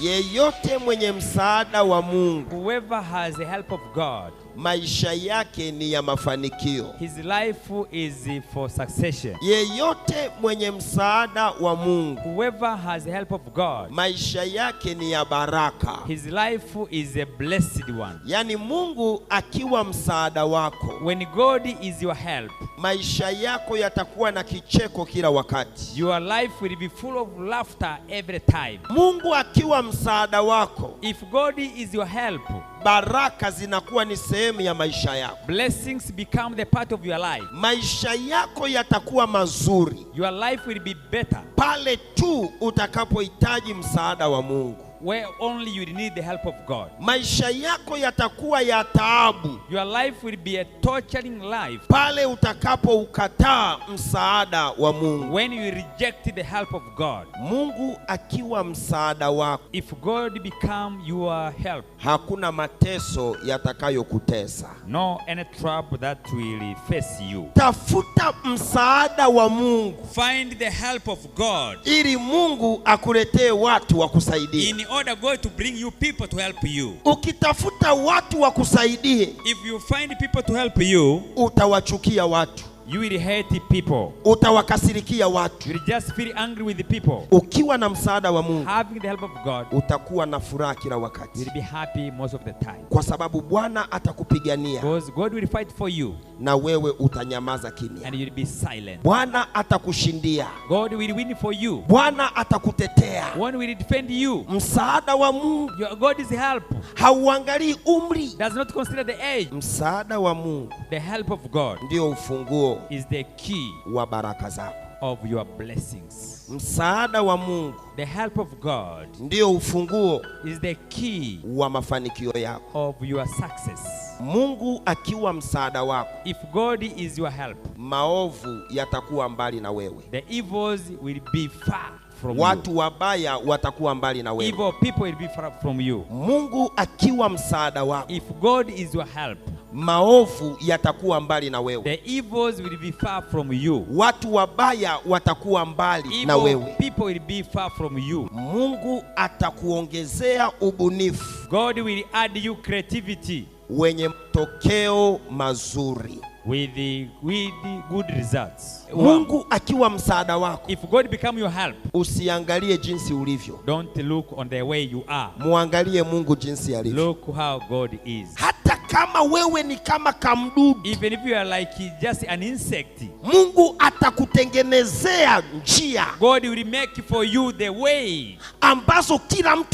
yeyote mwenye msaada wa Mungu, whoever has the help of God maisha yake ni ya mafanikio. His life is for succession. Yeyote mwenye msaada wa Mungu, whoever has help of God, maisha yake ni ya baraka. His life is a blessed one. Yani Mungu akiwa msaada wako, when God is your help, maisha yako yatakuwa na kicheko kila wakati. Your life will be full of laughter every time. Mungu akiwa msaada wako, if God is your help baraka zinakuwa ni sehemu ya maisha yako. Blessings become the part of your life. Maisha yako yatakuwa mazuri. Your life will be better. Pale tu utakapohitaji msaada wa Mungu where only you need the help of God. Maisha yako yatakuwa ya taabu. Your life will be a torturing life. Pale msaada wa Mungu. When you reject the help of God. Mungu akiwa msaada wako. If God become your help. Hakuna mateso yatakayokutesa. No any trouble that will face you. Tafuta msaada wa Mungu. Find the help of God. Ili Mungu akuletee watu wa kusaidia order God to bring you people to help you. Ukitafuta watu wakusaidie, if you find people to help you, utawachukia watu. You will hate people. Utawakasirikia watu. You will just feel angry with the people. Ukiwa na msaada wa Mungu, having the help of God, utakuwa na furaha kila wakati. You will be happy most of the time. Kwa sababu Bwana atakupigania. Because God will fight for you na wewe utanyamaza kimya. And you'll be silent. Bwana atakushindia. God will win for you. Bwana atakutetea. God will defend you. Msaada wa Mungu. Your God is help. Hauangalii umri. Does not consider the age. Msaada wa Mungu. The help of God. Ndio ufunguo. Is the key. Wa baraka zako. Of your blessings. Msaada wa Mungu. The help of God. Ndio ufunguo. Is the key. Wa mafanikio yako. Of your success. Mungu akiwa msaada wako, if God is your help, maovu yatakuwa mbali na wewe, the evils will be far from watu you. wabaya watakuwa mbali na wewe, evil people will be far from you. Mungu akiwa msaada wako, if God is your help, maovu yatakuwa mbali na wewe, the evils will be far from you. Watu wabaya watakuwa mbali evil na wewe, people will be far from you. Mungu atakuongezea ubunifu, God will add you creativity wenye matokeo mazuri with the, with the good results. Mungu akiwa msaada wako, if God become your help, usiangalie jinsi ulivyo, don't look on the way you are, muangalie Mungu jinsi alivyo, look how God is. Hata kama wewe ni kama kamdudu, even if you are like just an insect, Mungu atakutengenezea njia, God will make for you the way ambazo kila mtu